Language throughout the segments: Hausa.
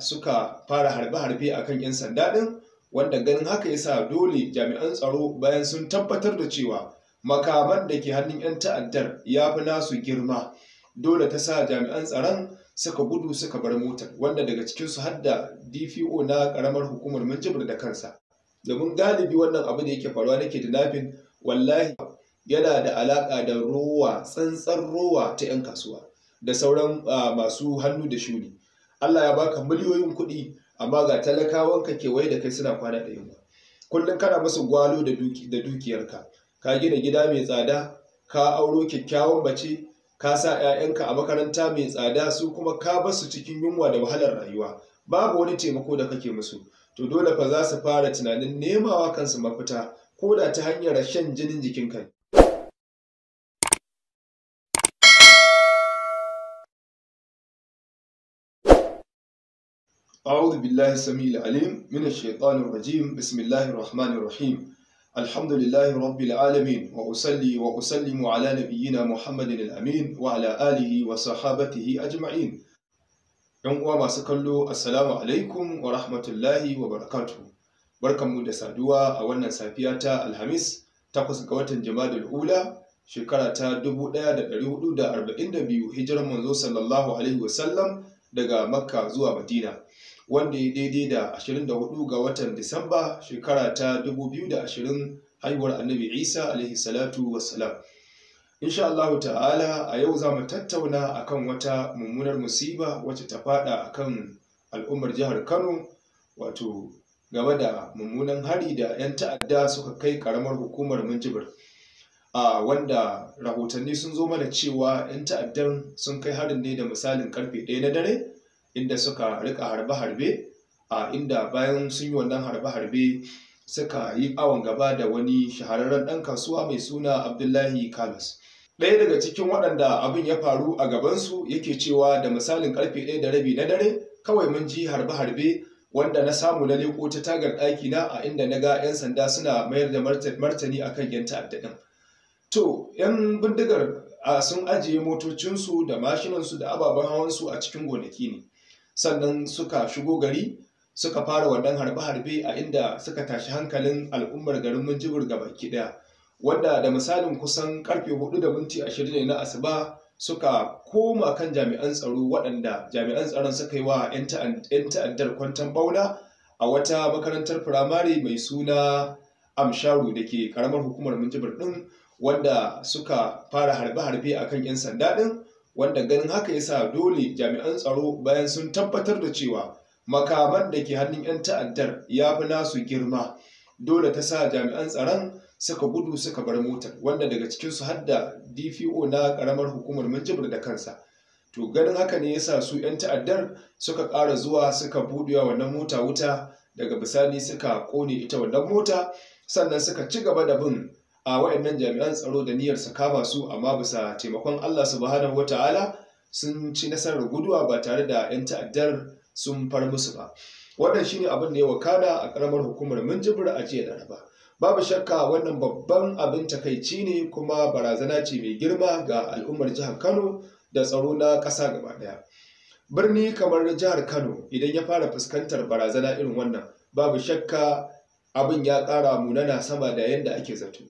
suka fara harbe-harbe a kan 'yan sanda ɗin wanda ganin haka yasa dole jami'an tsaro bayan sun tabbatar da cewa makaman da ke hannun 'yan ta'addar ya fi nasu girma dole ta sa jami'an tsaron suka gudu suka bar motar wanda daga cikinsu har da dpo na karamar hukumar minjibir da kansa domin galibi wannan abu da yake faruwa nake dinafin wallahi yana da alaƙa da rowa tsantsar rowa ta 'yan kasuwa da sauran ah, masu hannu da shuni Allah ya baka miliyoyin kuɗi amma ga talakawanka kewaye da kai suna kwana da yunwa kullum kana musu gwalo da dukiyarka ka gina gida mai tsada ka auro kyakkyawan mace ka sa 'ya'yanka a makaranta mai tsada su kuma ka basu cikin yunwa da wahalar rayuwa babu wani taimako da kake musu to dole fa za su fara tunanin nemawa kansu mafita ko da ta hanyar shan jinin jikin kai أعوذ بالله السميع العليم من الشيطان الرجيم بسم الله الرحمن الرحيم الحمد لله رب العالمين وأصلي وأسلم على نبينا محمد الأمين وعلى آله وصحابته أجمعين ‘Yan uwa masu kallo, Assalamu alaikum wa rahmatullahi wa barakatuhu. Barkanmu da saduwa a wannan safiya ta Alhamis, takwas ga watan Jamadul Ula, shekara ta 1442 hijirar manzo sallallahu alaihi wasallam daga Makka zuwa Madina. wanda ya daidai da 24 ga watan Disamba shekara ta 2020 haihuwar Annabi Isa alaihi salatu wassalam. Insha Allah ta'ala a yau za mu tattauna akan wata mummunar musiba wacce ta fada kan al'ummar jihar Kano wato game da mummunan hari da 'yan ta'adda suka kai karamar hukumar Minjibir. a wanda rahotanni sun zo mana cewa 'yan ta'addan sun kai harin ne da misalin karfe ɗaya na dare inda suka rika harbe-harbe a inda bayan sun yi wannan harbe-harbe suka yi awon gaba da wani shahararren ɗan kasuwa mai suna abdullahi kalas ɗaya daga cikin waɗanda abin ya faru a gabansu yake cewa da misalin karfe ɗaya da rabi na dare kawai mun ji harbe-harbe wanda na samu na leko ta tagar na, a inda na ga 'yan sanda suna mayar da martani akan 'yan ta'adda to 'yan bindigar sun ajiye motocinsu da mashinansu da ababen hawansu a cikin gonaki ne sannan suka shigo gari suka fara wannan harbe-harbe a inda suka tashi hankalin al'ummar garin Minjibir gaba ɗaya wadda da misalin kusan karfe 4 da minti 20 ne na asuba suka koma kan jami'an tsaro waɗanda jami'an tsaron suka yi wa 'yan ta'addar kwantan baula a wata makarantar firamare mai suna amsharu da ke karamar hukumar minjibir ɗin wadda suka fara harbe-harbe a kan 'yan sanda ɗin wanda ganin haka ya sa dole jami'an tsaro bayan sun tabbatar da cewa makaman da ke hannun 'yan ta'addar ya fi nasu girma dole ta sa jami'an tsaron suka gudu suka bar motar wanda daga cikin su hadda dpo na karamar hukumar minjibir da kansa to ganin haka ne yasa su 'yan ta'addar suka ƙara zuwa suka buɗewa wannan mota wuta daga bisani suka ƙone ita wannan mota sannan suka ci gaba da bin a wa'annan jami'an tsaro da niyyar sa kama su amma bisa taimakon Allah subhanahu wata'ala sun ci nasarar guduwa ba tare da 'yan ta'addar sun far musu ba wannan shine abin da ya wakana a karamar hukumar minjibir a jiya laraba babu shakka wannan babban abin takaici ne kuma barazana ce mai girma ga al'ummar jihar kano da tsaro na ƙasa gaba ɗaya birni kamar jihar kano idan ya fara fuskantar barazana irin wannan babu shakka abin ya ƙara munana sama da yadda ake zato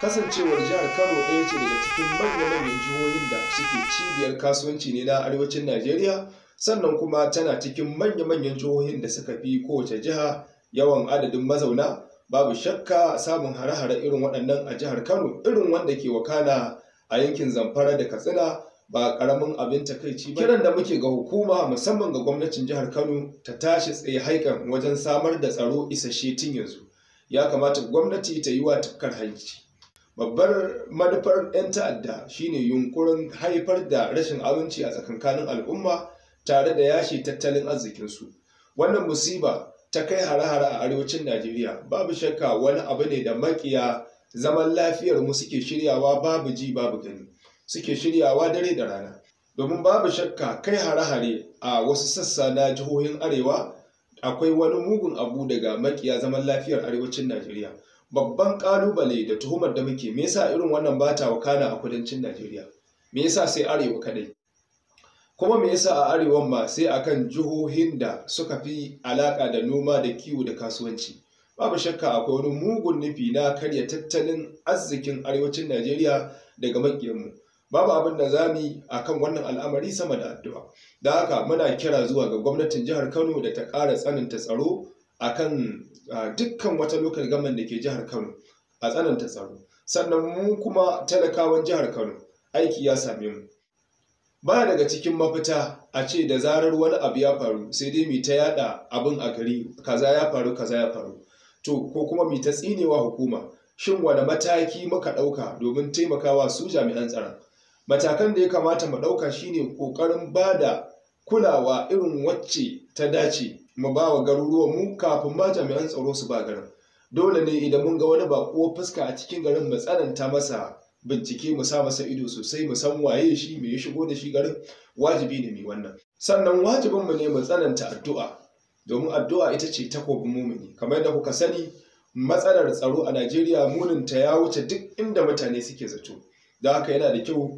kasancewar jihar kano ɗaya ce daga cikin manya-manyan jihohin da suke cibiyar kasuwanci ne na arewacin najeriya sannan kuma tana cikin manya-manyan jihohin da suka fi kowace jiha yawan adadin mazauna babu shakka samun hare-hare irin waɗannan a jihar kano irin wanda ke wakana a yankin zamfara da katsina ba karamin abin takaici ba kiran da muke ga hukuma musamman ga gwamnatin jihar kano ta tashi tsaye haikan wajen samar da tsaro isasshe tun yanzu ya kamata gwamnati ta yi wa tukkar hanci babbar manufar 'yan ta'adda shine yunkurin haifar da rashin aminci a tsakankanin al'umma tare da yashi tattalin arzikinsu wannan musiba ta kai hare-hare a arewacin najeriya babu shakka wani abu ne da makiya zaman lafiyar mu suke shiryawa babu ji babu gani suke shiryawa dare da rana domin babu shakka kai hare-hare a wasu sassa na jihohin arewa akwai wani mugun abu daga makiya zaman lafiyar arewacin najeriya babban kalubale da tuhumar da muke me yasa irin wannan bata wakana a kudancin Najeriya me yasa sai arewa kadai kuma me yasa a arewan ma sai akan jihohin da suka fi alaka da noma da kiwo da kasuwanci babu shakka akwai wani mugun nufi na karya tattalin arzikin arewacin Najeriya daga makiyanmu babu abin da za mu akan wannan al'amari sama da addu'a da haka muna kira zuwa ga gwamnatin jihar Kano da ta ƙara tsananta tsaro akan dukkan wata local government da ke jihar Kano a tsananta tsaro sannan mu kuma talakawan jihar Kano aiki ya same mu ba daga cikin mafita a ce da zarar wani abu ya faru sai dai mu ta yada abin a gari kaza ya faru kaza ya faru to ko kuma mu ta tsinewa hukuma shin wani mataki muka ɗauka domin taimakawa su jami'an tsaron matakan da ya kamata mu ɗauka shine ƙoƙarin ba da kulawa irin wacce ta dace mu ba wa mu kafin ba jami'an tsaro su ba garin dole ne idan mun ga wani bako fuska a cikin garin mu tsananta masa bincike mu sa masa ido sosai mu san waye shi me ya shigo da shi garin wajibi ne mai wannan sannan wajibin mu ne mu tsananta addu'a domin addu'a ita ce takobin mumuni kamar yadda kuka sani matsalar tsaro a Najeriya munin ta ya wuce duk inda mutane suke zato da haka yana da kyau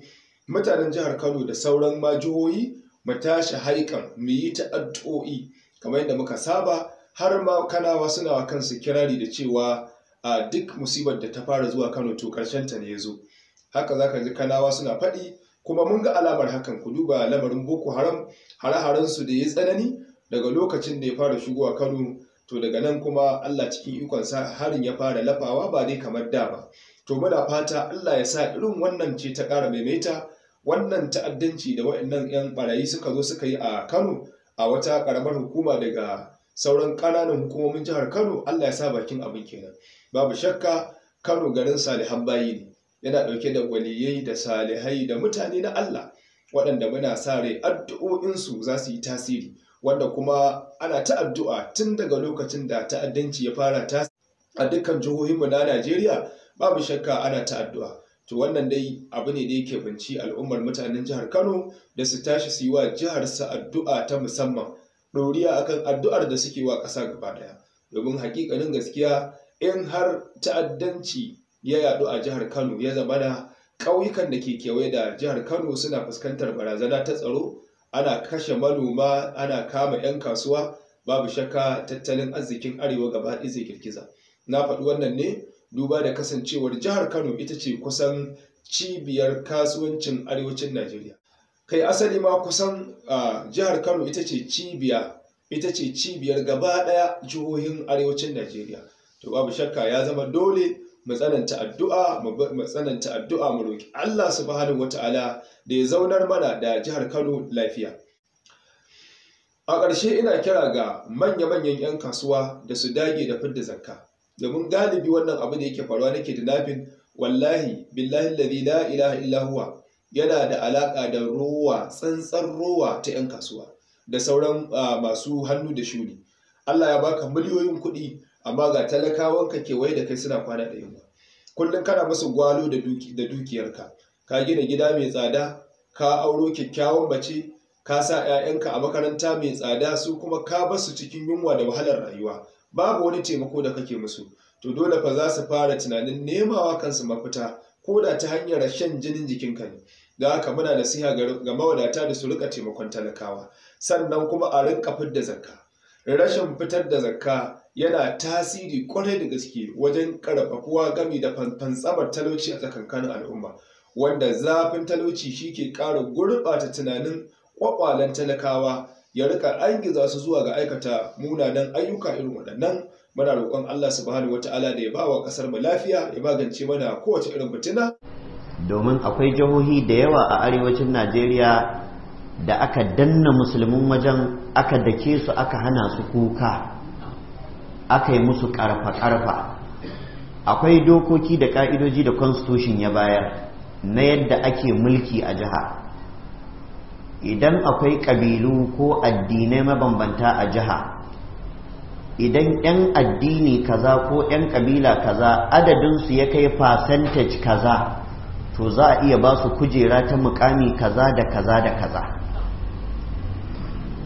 mutanen jihar Kano da sauran majihohi mu tashi haikan mu yi ta addu'o'i kamar yadda muka saba har ma kanawa suna wa kansu kirari da cewa a duk musibar da ta fara zuwa Kano to karshen ta ne ya zo haka zaka ji kanawa suna faɗi kuma mun ga alamar hakan ku duba lamarin Boko Haram hare-haren su da ya tsanani daga lokacin da ya fara shigowa Kano to daga nan kuma Allah cikin ikon sa harin ya fara lafawa ba dai kamar da ba to muna fata Allah ya sa irin wannan ce ta ƙara maimaita wannan ta'addanci da waɗannan 'yan barayi suka zo suka yi a kano a wata karamar hukuma daga sauran ƙananan hukumomin jihar kano allah ya sa bakin abin kenan babu shakka kano garin salihan bayi ne yana ɗauke da waliyai da salihai da mutane na allah waɗanda muna sa rai addu'o'insu za su yi tasiri wanda kuma ana ta'addu'a tun daga lokacin da ta'addanci ya fara tasiri a dukkan jihohinmu na najeriya babu shakka ana ta'addu'a. to wannan dai abu ne da yake banci al'ummar mutanen jihar Kano da su tashi su yi wa jihar addu'a ta musamman ɗoriya akan addu'ar da suke wa ƙasa gaba ɗaya domin hakikanin gaskiya in har ta'addanci ya yaɗu a jihar Kano ya zama da ƙauyukan da ke kewaye da jihar Kano suna fuskantar barazana ta tsaro ana kashe manoma ana kama 'yan kasuwa babu shakka tattalin arzikin arewa gaba ɗaya zai girgiza na faɗi wannan ne duba da kasancewar jihar kano ita ce kusan cibiyar kasuwancin arewacin najeriya kai asali ma kusan jihar kano ita ce cibiya ita ce cibiyar gaba ɗaya jihohin arewacin najeriya to babu shakka ya zama dole mu tsananta addu'a mu tsananta addu'a mu roki Allah subhanahu wata'ala da ya zaunar mana da jihar Kano lafiya a ƙarshe ina kira ga manya-manyan 'yan kasuwa da su dage da fidda zakka domin galibi wannan abu da yake faruwa nake tunafin wallahi billahi alladhi la ilaha illa yana da alaƙa da rowa tsantsan rowa ta yan kasuwa da sauran masu hannu da shuni Allah ya baka miliyoyin kuɗi amma ga talakawanka kewaye da kai suna kwana da yamma kullum kana musu gwalo da dukiyarka ka gina gida mai tsada ka auro kyakkyawan mace ka sa 'ya'yanka a makaranta mai tsada su kuma ka basu cikin yunwa da wahalar rayuwa babu wani taimako da kake musu to dole fa za su fara tunanin nemawa kansu mafita ko da ta hanyar shan jinin jikinka ne da haka muna da nasiha ga mawadata da su rika taimakon talakawa sannan kuma a rinka fidda zakka rashin fitar da zakka yana tasiri kwarai da gaske wajen karfafuwa gami da tsabar talauci a tsakankanin al'umma wanda zafin talauci shi ke ƙara gurɓata tunanin kwakwalen talakawa ya rika angiza su zuwa ga aikata munanan ayyuka irin waɗannan muna roƙon Allah subhanahu wataala da ya ba wa ƙasar mu lafiya ya magance mana kowace irin fitina domin akwai jihohi da yawa a arewacin Najeriya da aka danna musulmin wajen aka dake su aka hana su kuka aka yi musu karfa-karfa akwai dokoki da ka'idoji da constitution ya bayar na yadda ake mulki a jiha idan akwai ƙabilu ko addinai mabambanta a jiha idan 'yan addini kaza ko 'yan ƙabila kaza adadinsu ya kai percentage kaza to za a iya ba su kujera ta mukami kaza da kaza da kaza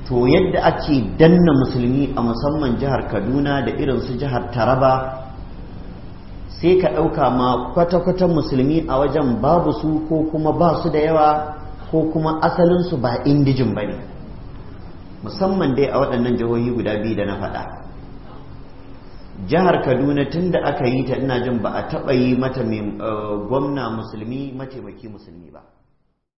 to yadda ake danna musulmi a musamman jihar kaduna da irin su jihar taraba sai ka ɗauka ma kwata-kwata musulmi a wajen babu su ko kuma ba su da yawa ko kuma asalinsu ba indijin ba ne musamman dai a waɗannan jihohi guda biyu da na faɗa jihar kaduna tun da aka yi ta ina jin ba a taɓa yi mata eh, gwamna musulmi mataimaki musulmi ba